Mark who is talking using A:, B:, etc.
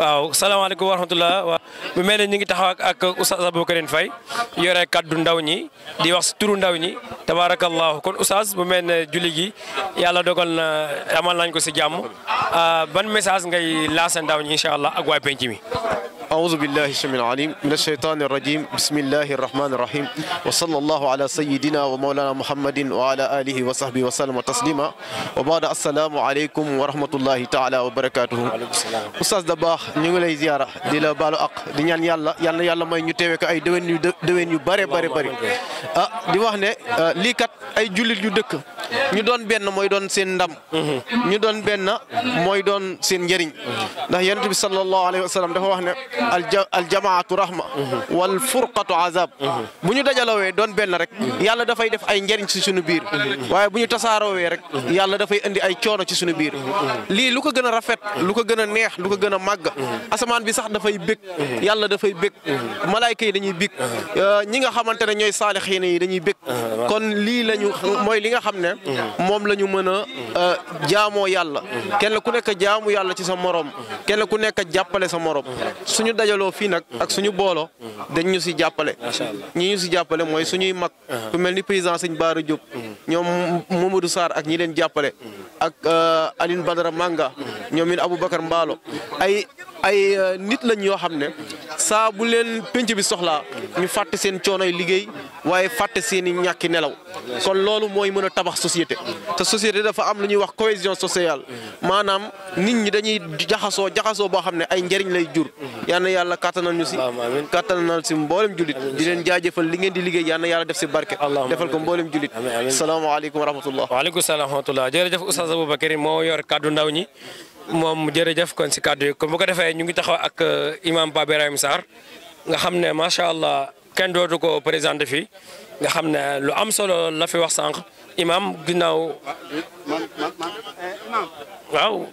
A: waaw salaamaaleykum wa rahmatulah mu bu mel ne ñu ngi taxaw ak Oustaz Aboubacarine fay yore kaddu ndaw ñi di wax si turu ndaw ñi tabaarakallahu kon Oustaz bu mel ne julli gi yàlla dogal na amal nañ ko si jàmm ah, ban message ngay laasa ndaw ñi incha allah ak waa penc mi.
B: أعوذ بالله السميع العليم من الشيطان الرجيم بسم الله الرحمن الرحيم وصلى الله على سيدنا ومولانا محمد وعلى آله وصحبه وسلم تسليما وبعد السلام عليكم ورحمة الله تعالى وبركاته Oustaz Dabakh ñu ngi lay ziyaara di la baalu ak di ñaan yàlla yal na yàlla may ñu teewee ko ay déwén yu déwén yu bare bare bare ah di wax ne lii kat ay jullit yu dëkk ñu doon benn mooy doon seen ndam ñu doon benn mooy doon seen njëriñ ndax yonent bi sallallahu alayhi wa sallam dafa wax ne aljamaatu rahma wal furqatu azab bu ñu dajalowee doon benn rek yàlla dafay def ay njëriñ si suñu biir waaye bu ñu tasaaroowee rek yàlla dafay indi ay ci suñu biir lii lu ko gën lu ko gën a neex lu ko gën a màgg asamaan bi sax dafay bég yàlla dafay bég malaayka yi dañuy bég ñi nga xamante ne ñooy saalixiin yi dañuy bég kon li lañu mooy li nga xam ne moom la ñu mën a euh, yàlla kenn ku nekk jaamu yàlla ci sa morom kenn ku nekk jàppale sa morom suñu dajaloo fii nag ak suñu booloo dañ ñu si jàppale ñi ñu si jàppale mooy suñuy mag uh-huh. ku mel ni président sëñ Baara Diop ñoom Mamadou Sarr ak ñi leen jàppale ak euh, Aline Badara Manga ñoom it Aboubacar ay euh, nit lañ yoo xam ne saabu leen pénc bi soxlaa ñu fàtte seen coonoy liggéey waaye fàtte seen i nelaw kon loolu mooy mën a tabax société te société dafa am lu ñuy wax cohésion sociale maanaam nit ñi dañuy jaxasoo jaxasoo boo xam ne ay njariñ lay jur yal na yàlla kattanal ñu si kattanal si mboolem jullit di leen jaajëfal li ngeen di liggéey yal na yàlla def si barke defal ko mboolem jullit salaamaaleykum wa rahmatullah
A: waaleykum salaam wa rahmatullah jërëjëf Oustaz Aboubacry moo yor kàddu ndaw ñi moom jërëjëf kon si kàddu yi kon bu ko defee ñu ngi taxaw ak euh, imam Pape Ibrahima Sarr nga xam ne macha allah kenn dootu ko présenté fii nga xam ne lu am solo la fi wax sànq imam ginnaaw. waaw.